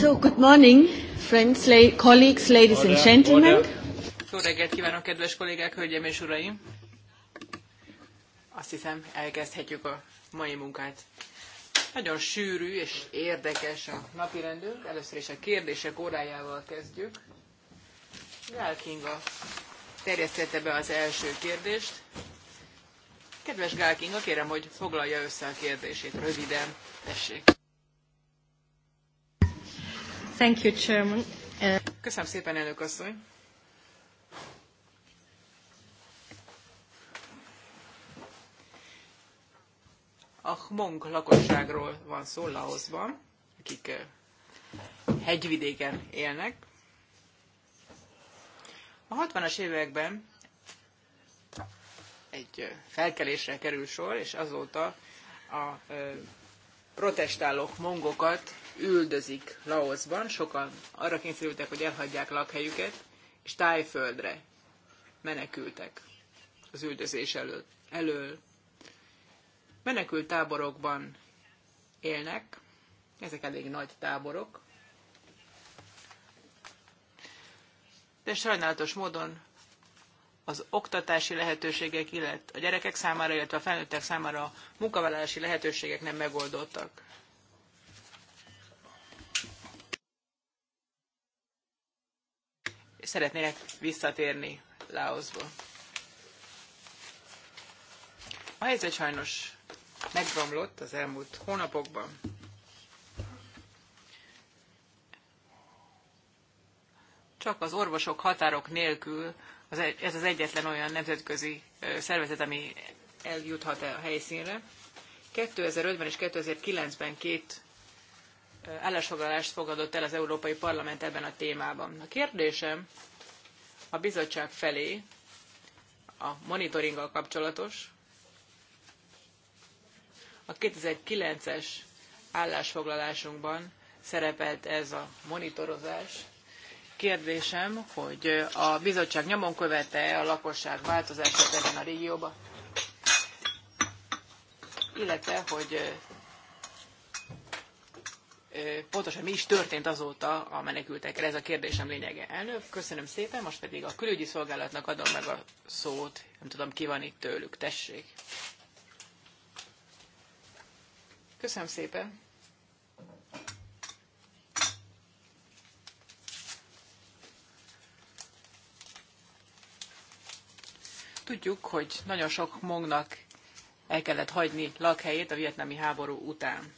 good morning, friends, colleagues, ladies and gentlemen. Jó kedves kollégák, hölgyeim és uraim! Azt hiszem, elkezdhetjük a mai munkát. Nagyon sűrű és érdekes a napirendünk. Először is a kérdések órájával kezdjük. Gál Kinga terjesztette be az első kérdést. Kedves Gál Kinga, kérem, hogy foglalja össze a kérdését röviden. Tessék! Thank you, Chairman. Köszönöm szépen, elnök A Hmong lakosságról van szó Laoszban, akik hegyvidéken élnek. A 60-as években egy felkelésre kerül sor, és azóta a protestáló mongokat üldözik Laosban, sokan arra kényszerültek, hogy elhagyják lakhelyüket, és tájföldre menekültek az üldözés elől. elől. Menekült táborokban élnek, ezek elég nagy táborok, de sajnálatos módon az oktatási lehetőségek, illetve a gyerekek számára, illetve a felnőttek számára a munkavállalási lehetőségek nem megoldottak. szeretnének visszatérni Laosba. A helyzet sajnos megromlott az elmúlt hónapokban. Csak az orvosok határok nélkül ez az egyetlen olyan nemzetközi szervezet, ami eljuthat a helyszínre. 2005-ben és 2009-ben két állásfoglalást fogadott el az Európai Parlament ebben a témában. A kérdésem a bizottság felé a monitoringgal kapcsolatos. A 2009-es állásfoglalásunkban szerepelt ez a monitorozás. Kérdésem, hogy a bizottság nyomon követ-e a lakosság változását ebben a régióban, illetve hogy pontosan mi is történt azóta a menekültekkel Ez a kérdésem lényege. Elnök, köszönöm szépen, most pedig a külügyi szolgálatnak adom meg a szót. Nem tudom, ki van itt tőlük. Tessék. Köszönöm szépen. Tudjuk, hogy nagyon sok mongnak el kellett hagyni lakhelyét a vietnámi háború után.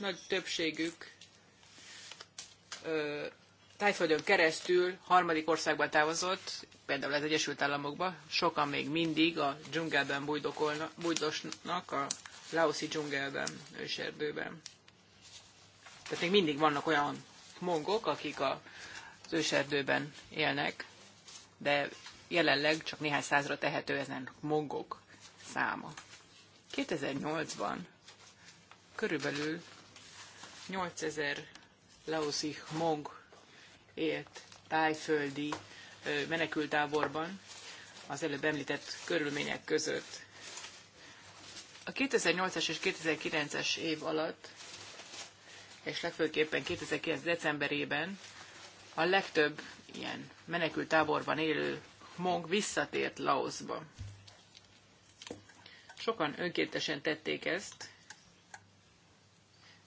nagy többségük ö, tájföldön keresztül harmadik országba távozott, például az Egyesült Államokba, sokan még mindig a dzsungelben bujdosnak, a laoszi dzsungelben, őserdőben. Tehát még mindig vannak olyan mongok, akik a, az őserdőben élnek, de jelenleg csak néhány százra tehető ezen mongok száma. 2008-ban körülbelül 8000 laoszi hmong élt tájföldi menekültáborban az előbb említett körülmények között. A 2008-as és 2009-es év alatt, és legfőképpen 2009. decemberében a legtöbb ilyen menekültáborban élő hmong visszatért Laoszba. Sokan önkéntesen tették ezt,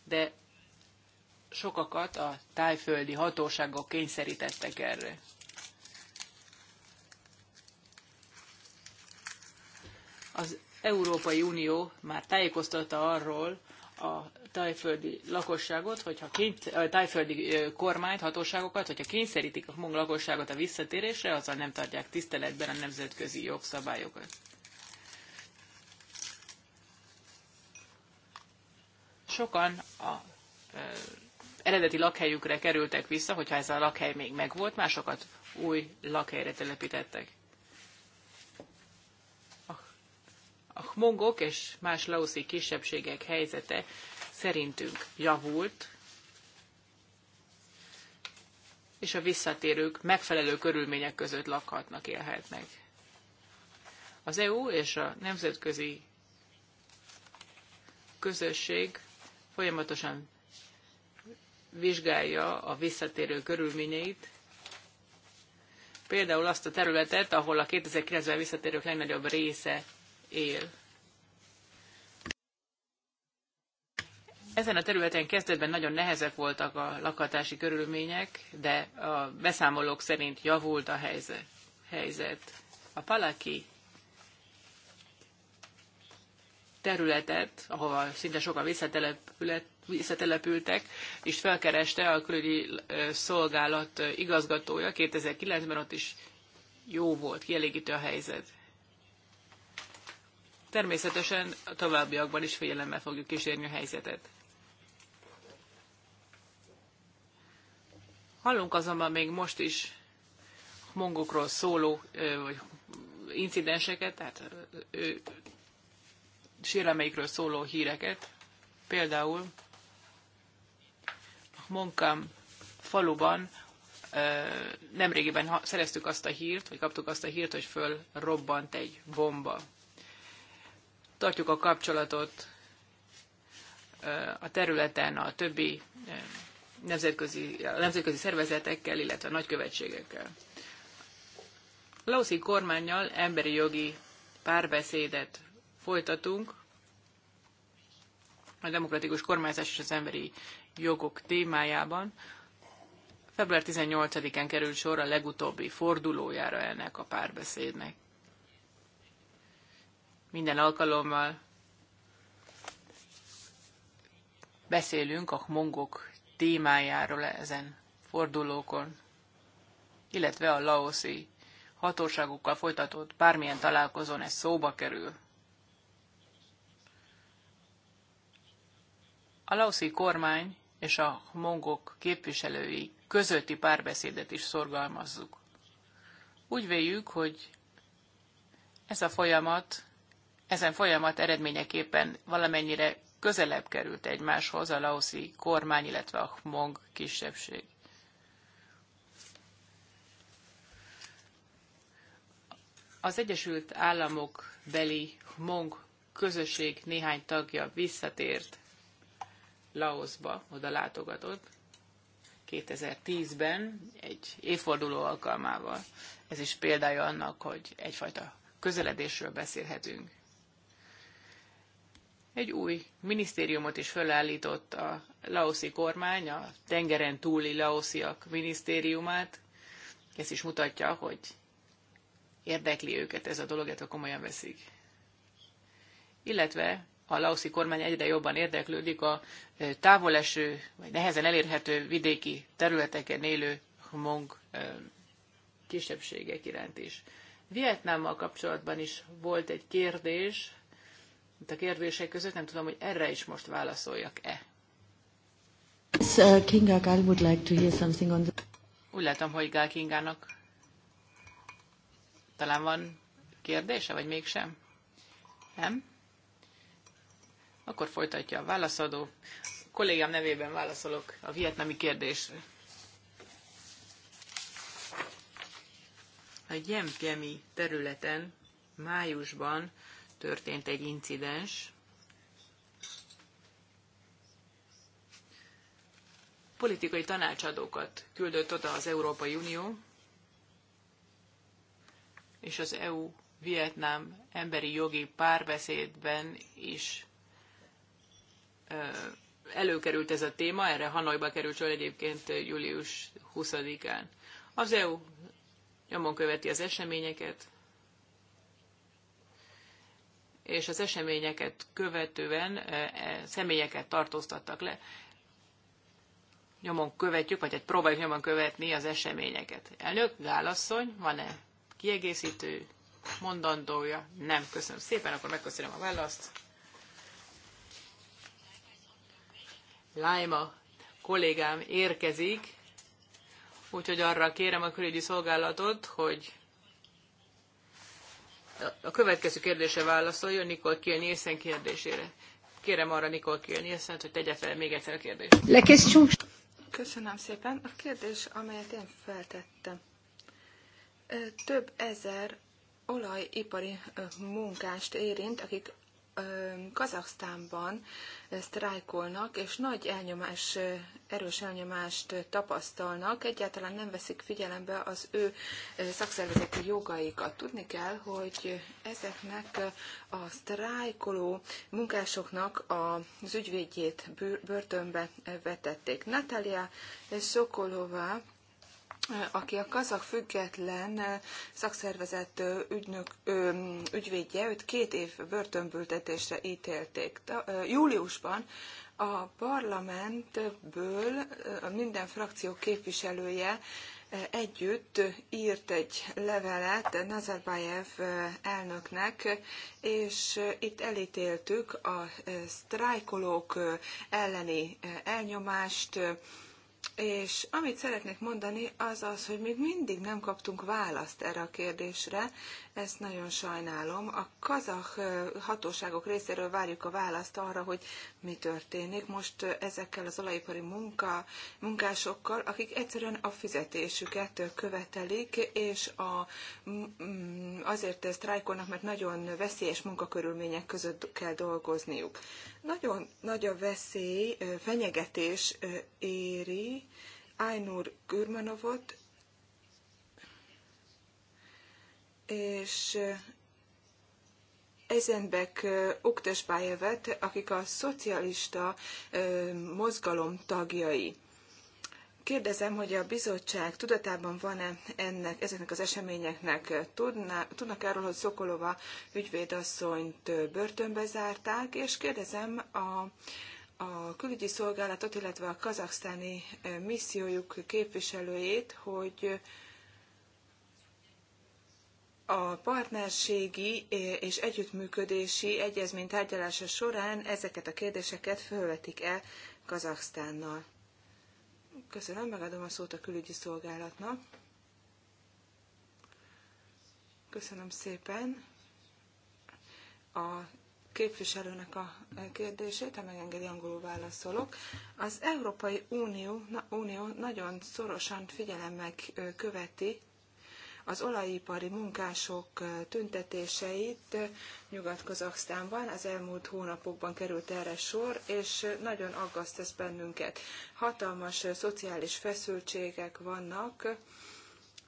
de sokakat a tájföldi hatóságok kényszerítettek erre. Az Európai Unió már tájékoztatta arról a tájföldi lakosságot, hogyha kényt, a tájföldi kormányt, hatóságokat, hogyha kényszerítik a mong lakosságot a visszatérésre, azzal nem tartják tiszteletben a nemzetközi jogszabályokat. Sokan a eredeti lakhelyükre kerültek vissza, hogyha ez a lakhely még megvolt, másokat új lakhelyre telepítettek. A mongók és más laoszi kisebbségek helyzete szerintünk javult, és a visszatérők megfelelő körülmények között lakhatnak, élhetnek. Az EU és a nemzetközi közösség folyamatosan vizsgálja a visszatérő körülményeit, például azt a területet, ahol a 2009-ben visszatérők legnagyobb része él. Ezen a területen kezdetben nagyon nehezek voltak a lakhatási körülmények, de a beszámolók szerint javult a helyzet. A Palaki területet, ahova szinte sokan visszatelepülett, visszatelepültek, és felkereste a külügyi szolgálat igazgatója 2009-ben, ott is jó volt, kielégítő a helyzet. Természetesen a továbbiakban is figyelemmel fogjuk kísérni a helyzetet. Hallunk azonban még most is mongokról szóló vagy incidenseket, tehát sérelmeikről szóló híreket. Például munkám faluban nemrégiben szereztük azt a hírt, vagy kaptuk azt a hírt, hogy föl robbant egy bomba. Tartjuk a kapcsolatot a területen a többi nemzetközi, a nemzetközi szervezetekkel, illetve a nagykövetségekkel. A laoszi kormányjal emberi jogi párbeszédet folytatunk, a demokratikus kormányzás és az emberi jogok témájában. Február 18-án került sor a legutóbbi fordulójára ennek a párbeszédnek. Minden alkalommal beszélünk a mongok témájáról ezen fordulókon, illetve a laoszi hatóságokkal folytatott bármilyen találkozón ez szóba kerül. A laoszi kormány és a mongok képviselői közötti párbeszédet is szorgalmazzuk. Úgy véljük, hogy ez a folyamat, ezen folyamat eredményeképpen valamennyire közelebb került egymáshoz a laoszi kormány, illetve a hmong kisebbség. Az Egyesült Államok beli hmong közösség néhány tagja visszatért Laosba oda látogatott 2010-ben egy évforduló alkalmával. Ez is példája annak, hogy egyfajta közeledésről beszélhetünk. Egy új minisztériumot is felállított a laoszi kormány, a tengeren túli laosziak minisztériumát. Ez is mutatja, hogy érdekli őket ez a dolog, a komolyan veszik. Illetve a laoszi kormány egyre jobban érdeklődik a távoleső, vagy nehezen elérhető vidéki területeken élő hmong kisebbségek iránt is. Vietnámmal kapcsolatban is volt egy kérdés, a kérdések között nem tudom, hogy erre is most válaszoljak-e. Úgy látom, hogy Gál Kingának talán van kérdése, vagy mégsem? Nem? Akkor folytatja a válaszadó. kollégám nevében válaszolok a vietnami kérdésre. A Gyemkemi területen májusban történt egy incidens. Politikai tanácsadókat küldött oda az Európai Unió, és az EU-Vietnám emberi jogi párbeszédben is előkerült ez a téma, erre Hanoiba került sor egyébként július 20-án. Az EU nyomon követi az eseményeket, és az eseményeket követően személyeket tartóztattak le. Nyomon követjük, vagy egy próbáljuk nyomon követni az eseményeket. Elnök, válaszolj, van-e kiegészítő mondandója? Nem, köszönöm szépen, akkor megköszönöm a választ. Lájma kollégám érkezik, úgyhogy arra kérem a külügyi szolgálatot, hogy a következő kérdése válaszoljon Nikol Kiel Nielsen kérdésére. Kérem arra Nikol Kiel Nielsen, hogy tegye fel még egyszer a kérdést. Köszönöm szépen. A kérdés, amelyet én feltettem. Több ezer olajipari munkást érint, akik Kazaksztánban sztrájkolnak, és nagy elnyomás, erős elnyomást tapasztalnak, egyáltalán nem veszik figyelembe az ő szakszervezeti jogaikat. Tudni kell, hogy ezeknek a sztrájkoló munkásoknak az ügyvédjét börtönbe vetették. Natalia Sokolova, aki a kazak független szakszervezet ügynök, ügyvédje, őt két év börtönbültetésre ítélték. Júliusban a parlamentből minden frakció képviselője együtt írt egy levelet Nazarbayev elnöknek, és itt elítéltük a sztrájkolók elleni elnyomást, És amit szeretnék mondani, az az, hogy még mindig nem kaptunk választ erre a kérdésre, Ezt nagyon sajnálom. A kazah hatóságok részéről várjuk a választ arra, hogy mi történik most ezekkel az olajipari munka, munkásokkal, akik egyszerűen a fizetésüket követelik, és a, azért sztrájkolnak, mert nagyon veszélyes munkakörülmények között kell dolgozniuk. Nagyon nagy a veszély, fenyegetés éri Ajnur Gürmanovot, és Eisenbeck Uktesbájevet, akik a szocialista mozgalom tagjai. Kérdezem, hogy a bizottság tudatában van-e ennek, ezeknek az eseményeknek? Tudná, tudnak erről, hogy Szokolova ügyvédasszonyt börtönbe zárták, és kérdezem a, a külügyi szolgálatot, illetve a kazaksztáni missziójuk képviselőjét, hogy a partnerségi és együttműködési egyezmény tárgyalása során ezeket a kérdéseket felvetik-e Kazaksztánnal. Köszönöm, megadom a szót a külügyi szolgálatnak. Köszönöm szépen a képviselőnek a kérdését, ha megengedi, angolul válaszolok. Az Európai Unió, na, Unió nagyon szorosan figyelemmel követi az olajipari munkások tüntetéseit Nyugat-Kazaksztánban. Az elmúlt hónapokban került erre sor, és nagyon aggaszt ez bennünket. Hatalmas szociális feszültségek vannak,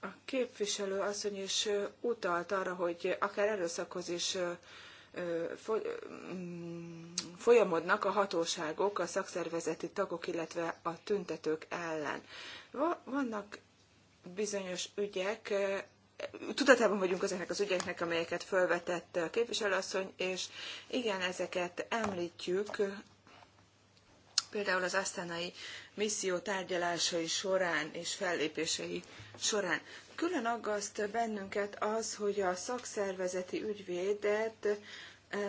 a képviselő asszony is utalt arra, hogy akár erőszakhoz is folyamodnak a hatóságok, a szakszervezeti tagok, illetve a tüntetők ellen. Vannak bizonyos ügyek, tudatában vagyunk ezeknek az ügyeknek, amelyeket felvetett a képviselőasszony, és igen, ezeket említjük, például az asztanai misszió tárgyalásai során és fellépései során. Külön aggaszt bennünket az, hogy a szakszervezeti ügyvédet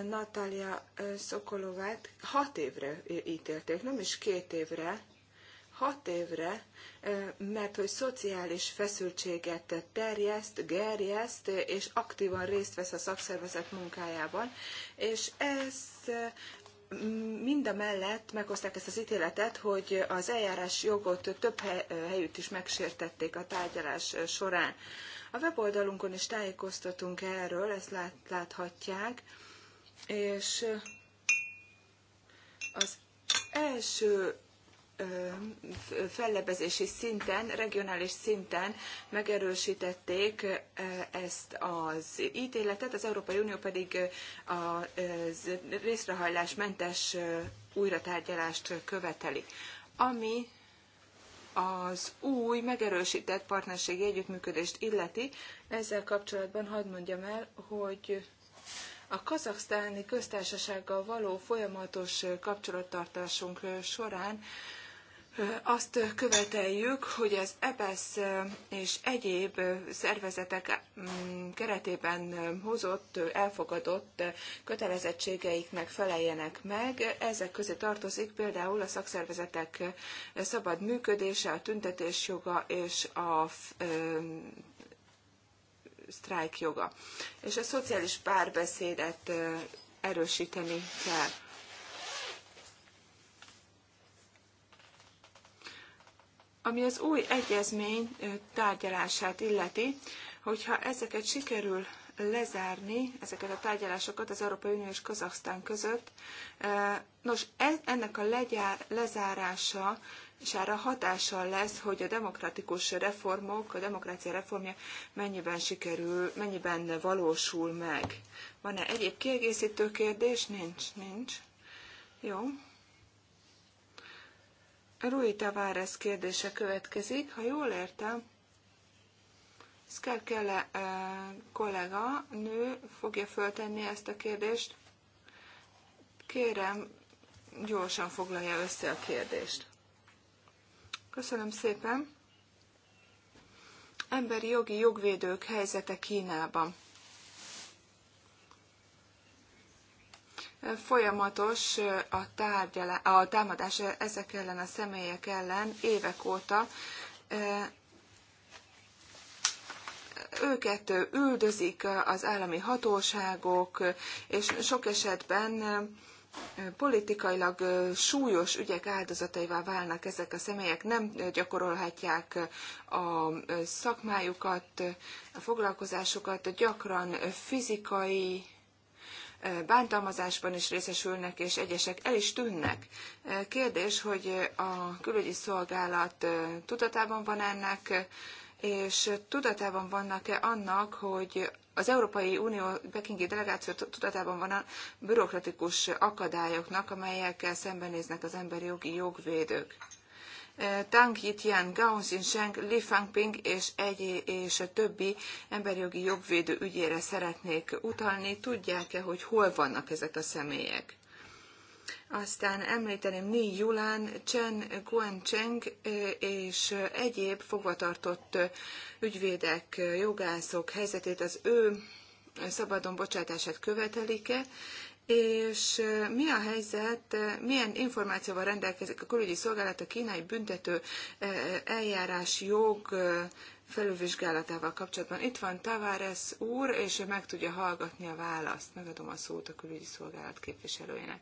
Natália Szokolovát hat évre ítélték, nem is két évre, hat évre, mert hogy szociális feszültséget terjeszt, gerjeszt, és aktívan részt vesz a szakszervezet munkájában, és ez mind a mellett meghozták ezt az ítéletet, hogy az eljárás jogot több helyütt is megsértették a tárgyalás során. A weboldalunkon is tájékoztatunk erről, ezt lát, láthatják, és az első fellebezési szinten, regionális szinten megerősítették ezt az ítéletet, az Európai Unió pedig a részrehajlásmentes újratárgyalást követeli. Ami az új, megerősített partnerségi együttműködést illeti, ezzel kapcsolatban hadd mondjam el, hogy a kazaksztáni köztársasággal való folyamatos kapcsolattartásunk során azt követeljük, hogy az Ebesz és egyéb szervezetek keretében hozott, elfogadott kötelezettségeiknek feleljenek meg. Ezek közé tartozik például a szakszervezetek szabad működése, a tüntetés joga és a sztrájk joga. És a szociális párbeszédet erősíteni kell. Ami az új egyezmény tárgyalását illeti, hogyha ezeket sikerül lezárni ezeket a tárgyalásokat az Európai Unió és Kazaksztán között. Nos, ennek a legyár, lezárása és erre hatással lesz, hogy a demokratikus reformok, a demokrácia reformja mennyiben sikerül, mennyiben valósul meg. Van-e egyéb kiegészítő kérdés? Nincs, nincs. Jó. Rui Tavares kérdése következik. Ha jól értem, Skerkele kollega, nő fogja föltenni ezt a kérdést. Kérem, gyorsan foglalja össze a kérdést. Köszönöm szépen. Emberi jogi jogvédők helyzete Kínában. Folyamatos a, tárgyalá, a támadás ezek ellen, a személyek ellen évek óta. Őket üldözik az állami hatóságok, és sok esetben politikailag súlyos ügyek áldozataivá válnak ezek a személyek, nem gyakorolhatják a szakmájukat, a foglalkozásukat, gyakran fizikai bántalmazásban is részesülnek, és egyesek el is tűnnek. Kérdés, hogy a külügyi szolgálat tudatában van ennek, és tudatában vannak-e annak, hogy az Európai Unió pekingi delegáció tudatában van a bürokratikus akadályoknak, amelyekkel szembenéznek az emberi jogi jogvédők. Tang Yitian, Gao Xinsheng, Li Fangping és, egy, és a többi emberjogi jogvédő ügyére szeretnék utalni. Tudják-e, hogy hol vannak ezek a személyek? Aztán említeném Ni Yulán, Chen Guancheng és egyéb fogvatartott ügyvédek, jogászok helyzetét az ő szabadon bocsátását követelik-e, és mi a helyzet, milyen információval rendelkezik a külügyi szolgálat a kínai büntető eljárás jog felülvizsgálatával kapcsolatban. Itt van Tavares úr, és meg tudja hallgatni a választ. Megadom a szót a külügyi szolgálat képviselőjének.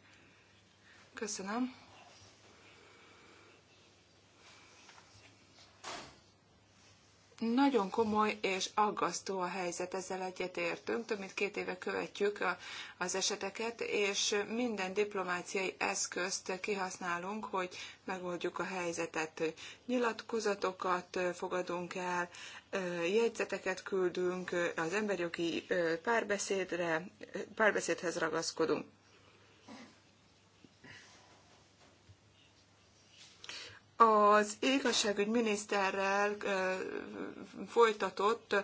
Köszönöm. Nagyon komoly és aggasztó a helyzet, ezzel egyetértünk. Több mint két éve követjük az eseteket, és minden diplomáciai eszközt kihasználunk, hogy megoldjuk a helyzetet. Nyilatkozatokat fogadunk el, jegyzeteket küldünk, az emberjogi párbeszédre, párbeszédhez ragaszkodunk. az igazságügy miniszterrel folytatott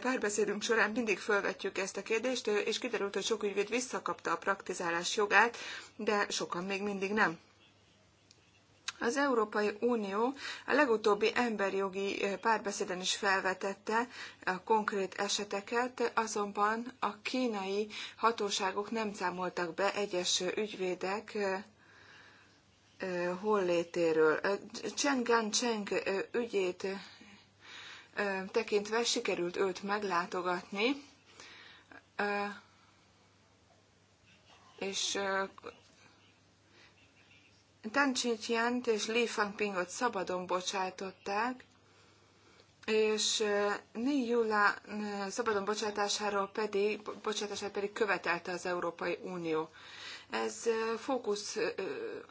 párbeszédünk során mindig felvetjük ezt a kérdést, és kiderült, hogy sok ügyvéd visszakapta a praktizálás jogát, de sokan még mindig nem. Az Európai Unió a legutóbbi emberjogi párbeszéden is felvetette a konkrét eseteket, azonban a kínai hatóságok nem számoltak be egyes ügyvédek hollétéről. Gan Cheng ügyét tekintve sikerült őt meglátogatni, és Tan Chichient és Li Fangpingot szabadon bocsátották, és Ni Yula szabadon bocsátásáról pedig, bocsátását pedig követelte az Európai Unió. Ez fókusz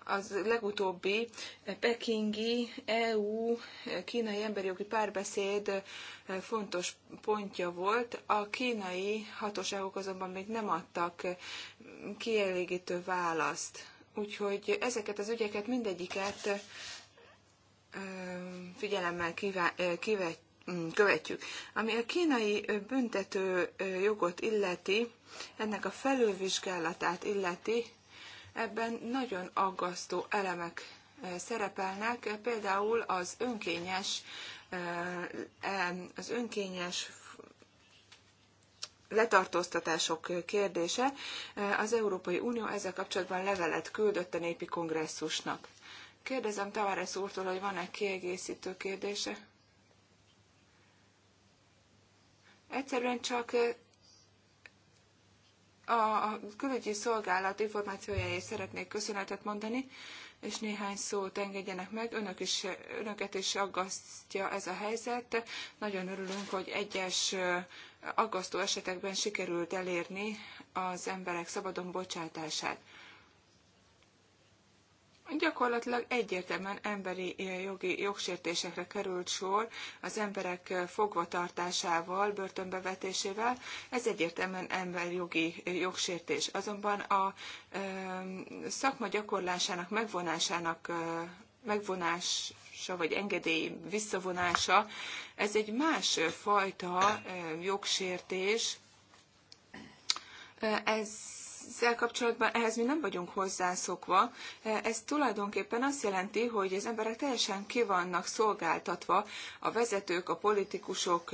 az legutóbbi pekingi EU-kínai emberi jogi párbeszéd fontos pontja volt. A kínai hatóságok azonban még nem adtak kielégítő választ. Úgyhogy ezeket az ügyeket mindegyiket figyelemmel kivetjük követjük. Ami a kínai büntető jogot illeti, ennek a felülvizsgálatát illeti, ebben nagyon aggasztó elemek szerepelnek, például az önkényes, az önkényes letartóztatások kérdése. Az Európai Unió ezzel kapcsolatban levelet küldött a népi kongresszusnak. Kérdezem Tavares úrtól, hogy van-e kiegészítő kérdése? Egyszerűen csak a külügyi szolgálat információjáért szeretnék köszönetet mondani, és néhány szót engedjenek meg. Önök is, önöket is aggasztja ez a helyzet. Nagyon örülünk, hogy egyes aggasztó esetekben sikerült elérni az emberek szabadon bocsátását gyakorlatilag egyértelműen emberi jogi jogsértésekre került sor az emberek fogvatartásával, börtönbe vetésével. Ez egyértelműen emberi jogi jogsértés. Azonban a szakma gyakorlásának megvonásának megvonása, vagy engedély visszavonása, ez egy más fajta jogsértés. Ez ezzel kapcsolatban ehhez mi nem vagyunk hozzászokva. Ez tulajdonképpen azt jelenti, hogy az emberek teljesen ki vannak szolgáltatva a vezetők, a politikusok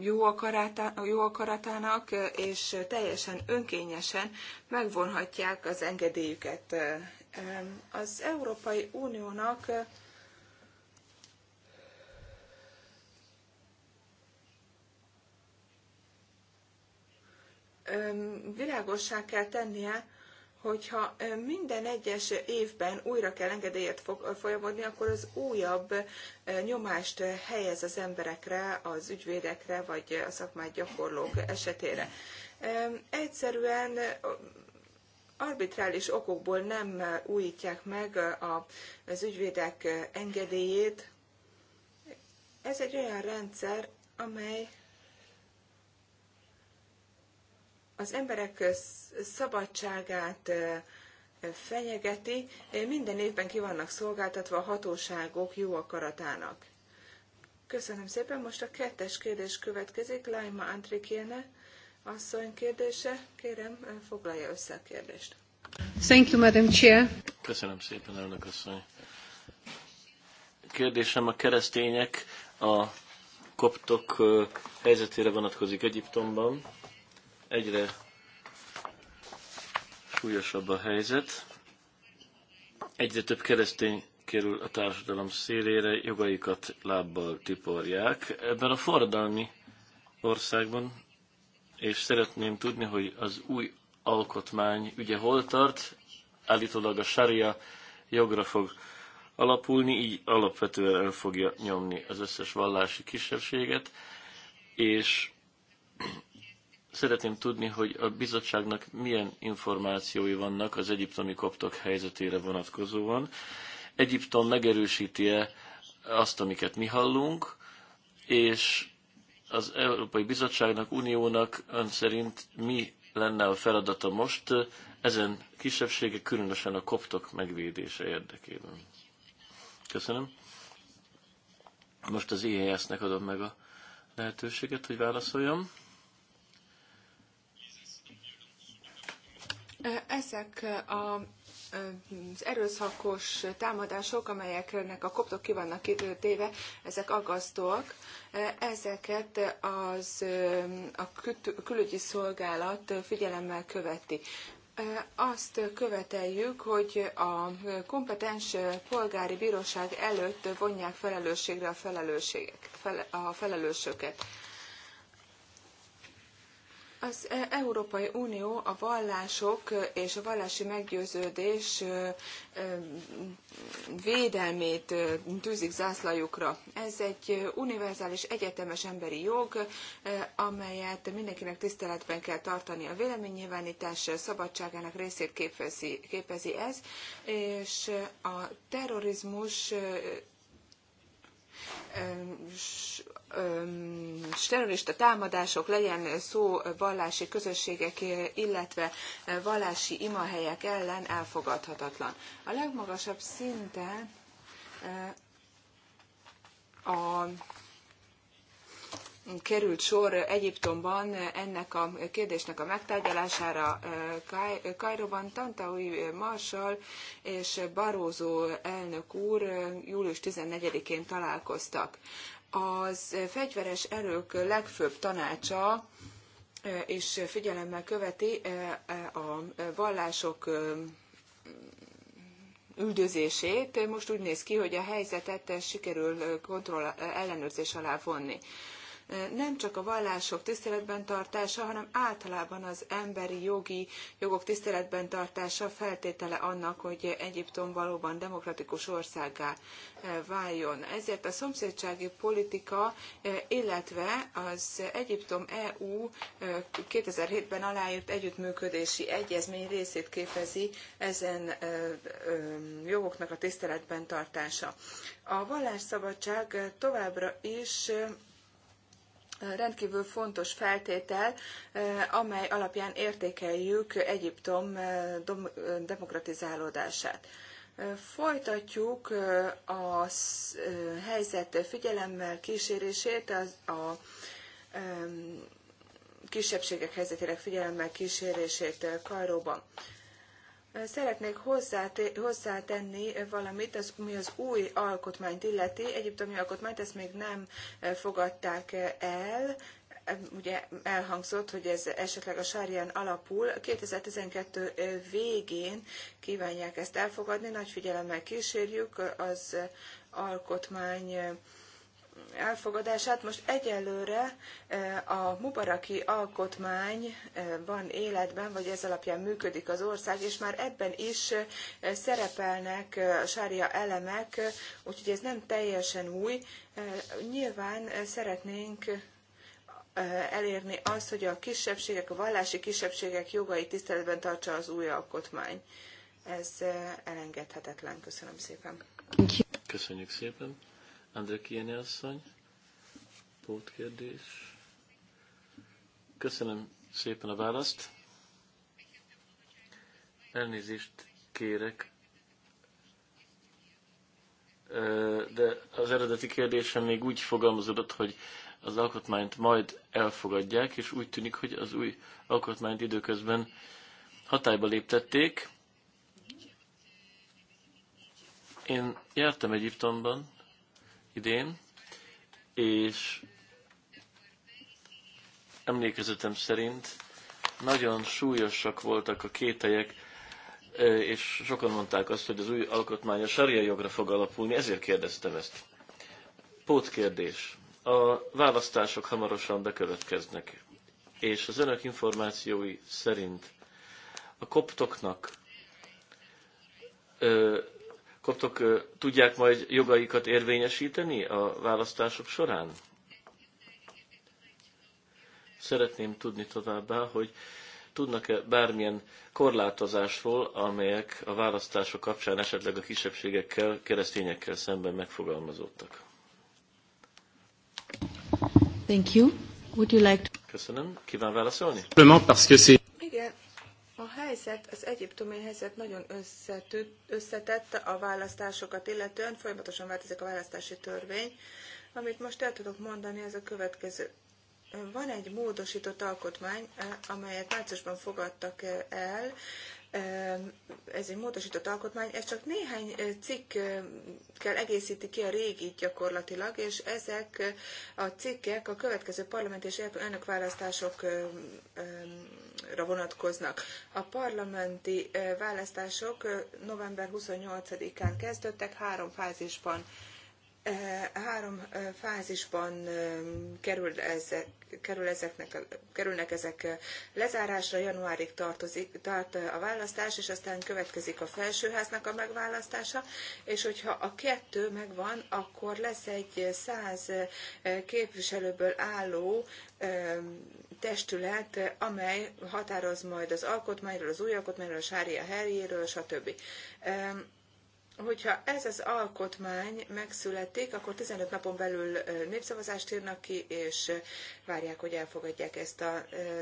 jó, akaratá, jó akaratának, és teljesen önkényesen megvonhatják az engedélyüket. Az Európai Uniónak világossá kell tennie, hogyha minden egyes évben újra kell engedélyet folyamodni, akkor az újabb nyomást helyez az emberekre, az ügyvédekre, vagy a szakmát gyakorlók esetére. Egyszerűen arbitrális okokból nem újítják meg az ügyvédek engedélyét. Ez egy olyan rendszer, amely az emberek szabadságát fenyegeti, minden évben ki vannak szolgáltatva a hatóságok jó akaratának. Köszönöm szépen, most a kettes kérdés következik, Laima Antrikéne asszony kérdése. Kérem, foglalja össze a kérdést. Thank you, Madam Chair. Köszönöm szépen, elnök asszony. Kérdésem a keresztények a koptok helyzetére vonatkozik Egyiptomban Egyre súlyosabb a helyzet. Egyre több keresztény kerül a társadalom szélére, jogaikat lábbal tiporják. Ebben a forradalmi országban, és szeretném tudni, hogy az új alkotmány ügye hol tart, állítólag a sária jogra fog alapulni, így alapvetően el fogja nyomni az összes vallási kisebbséget, és Szeretném tudni, hogy a bizottságnak milyen információi vannak az egyiptomi koptok helyzetére vonatkozóan. Egyiptom megerősíti-e azt, amiket mi hallunk, és az Európai Bizottságnak, Uniónak ön szerint mi lenne a feladata most ezen kisebbsége, különösen a koptok megvédése érdekében? Köszönöm. Most az ihs nek adom meg a lehetőséget, hogy válaszoljam. Ezek a az erőszakos támadások, amelyeknek a koptok ki vannak éve, ezek aggasztóak. Ezeket az, a külügyi szolgálat figyelemmel követi. Azt követeljük, hogy a kompetens polgári bíróság előtt vonják felelősségre a, a felelősöket. Az Európai Unió a vallások és a vallási meggyőződés védelmét tűzik zászlajukra. Ez egy univerzális, egyetemes emberi jog, amelyet mindenkinek tiszteletben kell tartani. A véleménynyilvánítás szabadságának részét képezi, képezi ez, és a terrorizmus terrorista támadások, legyen szó vallási közösségek, illetve vallási imahelyek ellen elfogadhatatlan. A legmagasabb szinten a került sor Egyiptomban ennek a kérdésnek a megtárgyalására Kairóban Tantaui Marshall és Barózó elnök úr július 14-én találkoztak. Az fegyveres erők legfőbb tanácsa és figyelemmel követi a vallások üldözését. Most úgy néz ki, hogy a helyzetet sikerül kontroll ellenőrzés alá vonni nem csak a vallások tiszteletben tartása, hanem általában az emberi jogi jogok tiszteletben tartása feltétele annak, hogy Egyiptom valóban demokratikus országá váljon. Ezért a szomszédsági politika, illetve az Egyiptom-EU 2007-ben aláírt együttműködési egyezmény részét képezi ezen jogoknak a tiszteletben tartása. A vallásszabadság továbbra is rendkívül fontos feltétel, amely alapján értékeljük Egyiptom demokratizálódását. Folytatjuk a helyzet figyelemmel kísérését, az, a kisebbségek helyzetére figyelemmel kísérését Kajróban. Szeretnék hozzátenni valamit, az, mi az új alkotmányt illeti. Egyiptomi alkotmányt ezt még nem fogadták el. Ugye elhangzott, hogy ez esetleg a sárján alapul. 2012 végén kívánják ezt elfogadni. Nagy figyelemmel kísérjük az alkotmány elfogadását. Most egyelőre a Mubaraki alkotmány van életben, vagy ez alapján működik az ország, és már ebben is szerepelnek sária elemek, úgyhogy ez nem teljesen új. Nyilván szeretnénk elérni azt, hogy a kisebbségek, a vallási kisebbségek jogai tiszteletben tartsa az új alkotmány. Ez elengedhetetlen. Köszönöm szépen. Köszönjük szépen. Andrekiene asszony, pótkérdés. Köszönöm szépen a választ. Elnézést kérek, de az eredeti kérdésem még úgy fogalmazódott, hogy az alkotmányt majd elfogadják, és úgy tűnik, hogy az új alkotmányt időközben hatályba léptették. Én jártam Egyiptomban, idén, és emlékezetem szerint nagyon súlyosak voltak a kételyek, és sokan mondták azt, hogy az új alkotmány a sarja jogra fog alapulni, ezért kérdeztem ezt. Pótkérdés. A választások hamarosan bekövetkeznek, és az önök információi szerint a koptoknak koptok tudják majd jogaikat érvényesíteni a választások során? Szeretném tudni továbbá, hogy tudnak-e bármilyen korlátozásról, amelyek a választások kapcsán esetleg a kisebbségekkel, keresztényekkel szemben megfogalmazódtak. Thank you. Would you like to... Köszönöm. Kíván válaszolni? A helyzet, az egyiptomi helyzet nagyon összetett a választásokat illetően, folyamatosan változik a választási törvény. Amit most el tudok mondani, ez a következő. Van egy módosított alkotmány, amelyet márciusban fogadtak el, ez egy módosított alkotmány, ez csak néhány cikkkel egészíti ki a régi gyakorlatilag, és ezek a cikkek a következő parlament és választásokra vonatkoznak. A parlamenti választások november 28-án kezdődtek, három fázisban Három fázisban kerül ezek, ezeknek, kerülnek ezek lezárásra, januárig tartozik, tart a választás, és aztán következik a felsőháznak a megválasztása, és hogyha a kettő megvan, akkor lesz egy száz képviselőből álló testület, amely határoz majd az alkotmányról, az új alkotmányról, a sária helyéről, stb hogyha ez az alkotmány megszületik, akkor 15 napon belül népszavazást írnak ki, és várják, hogy elfogadják ezt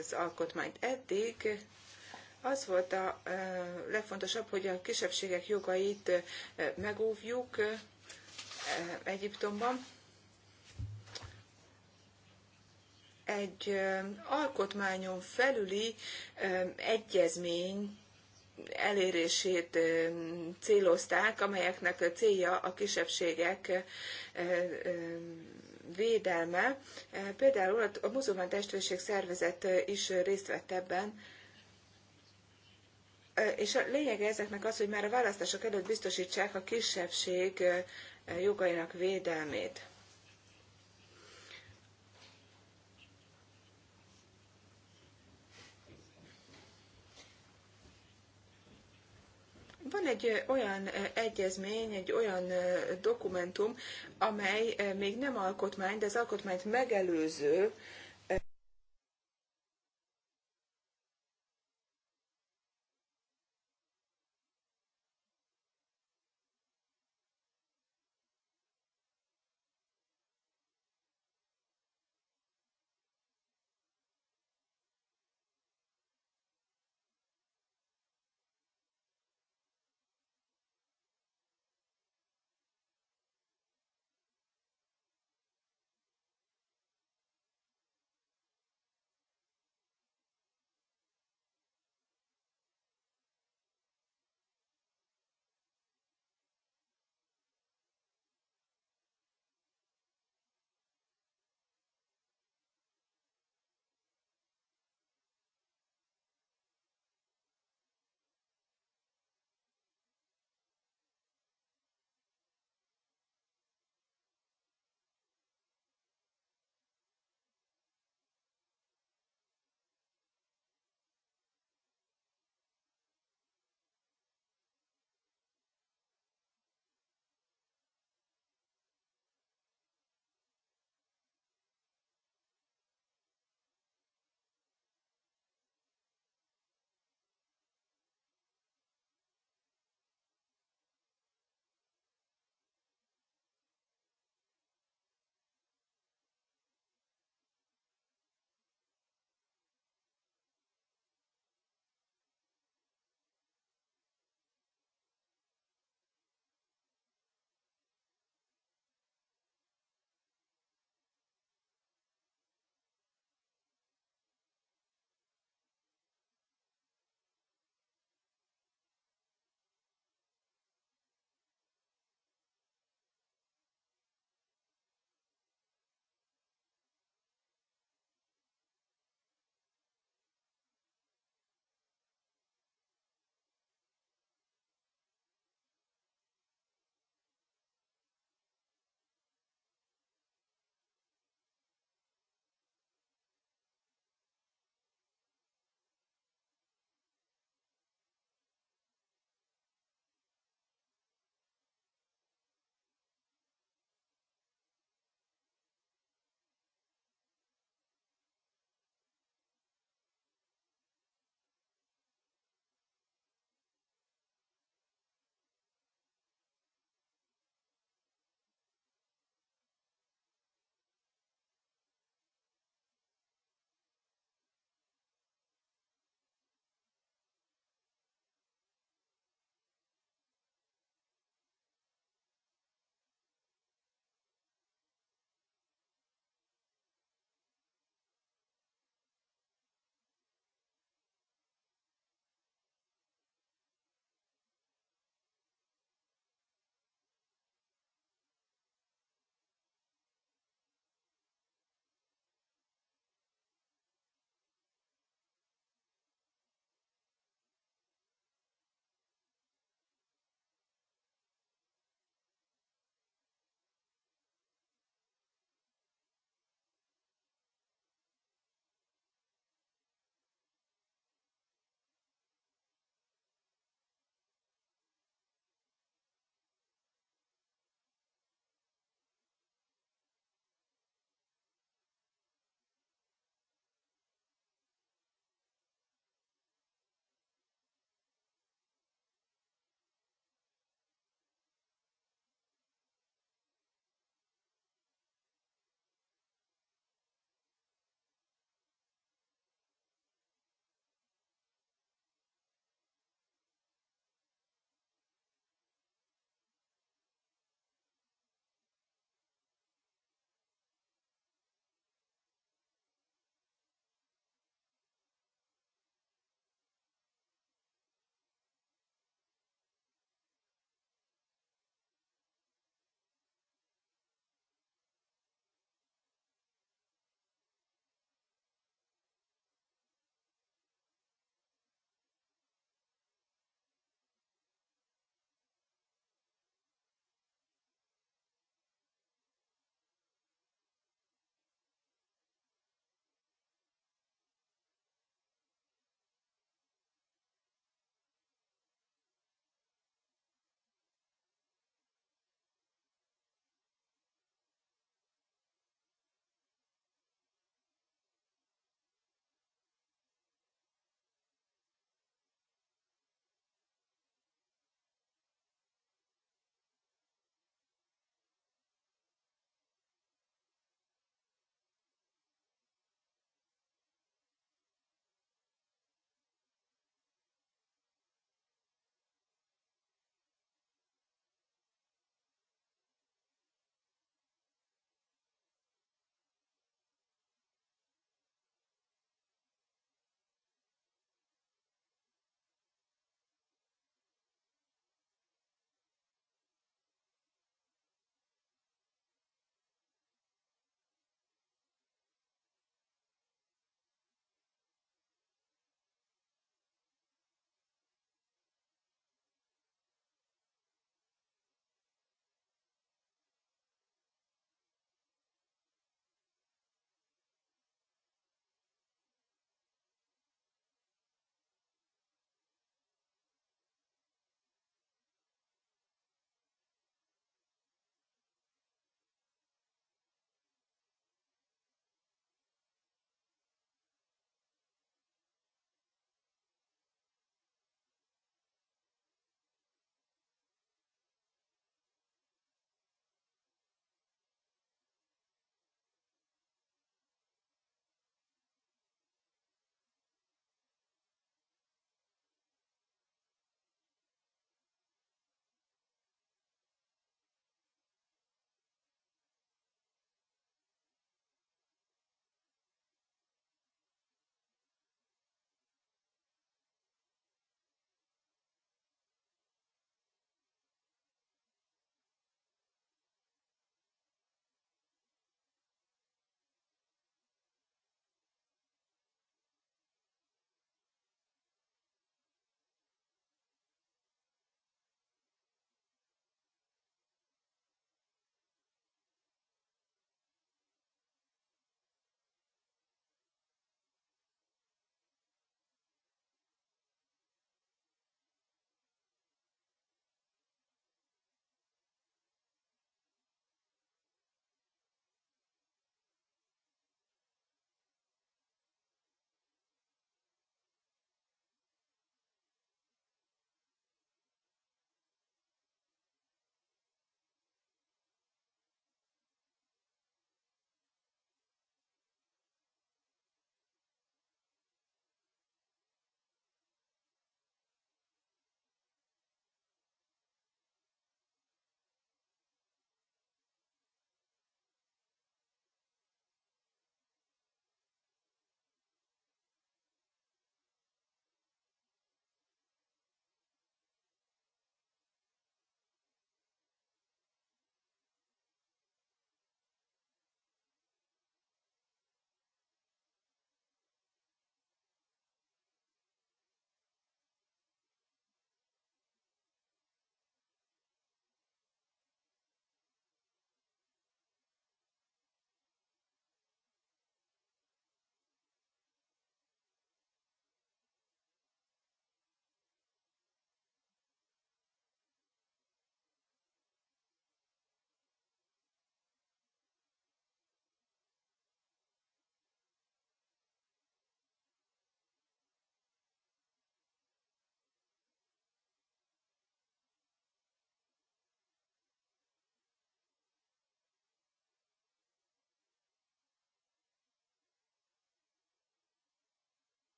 az alkotmányt. Eddig az volt a legfontosabb, hogy a kisebbségek jogait megóvjuk Egyiptomban. Egy alkotmányon felüli egyezmény elérését célozták, amelyeknek a célja a kisebbségek védelme. Például a muzulmán testvérség szervezet is részt vett ebben, és a lényege ezeknek az, hogy már a választások előtt biztosítsák a kisebbség jogainak védelmét. Van egy olyan egyezmény, egy olyan dokumentum, amely még nem alkotmány, de az alkotmányt megelőző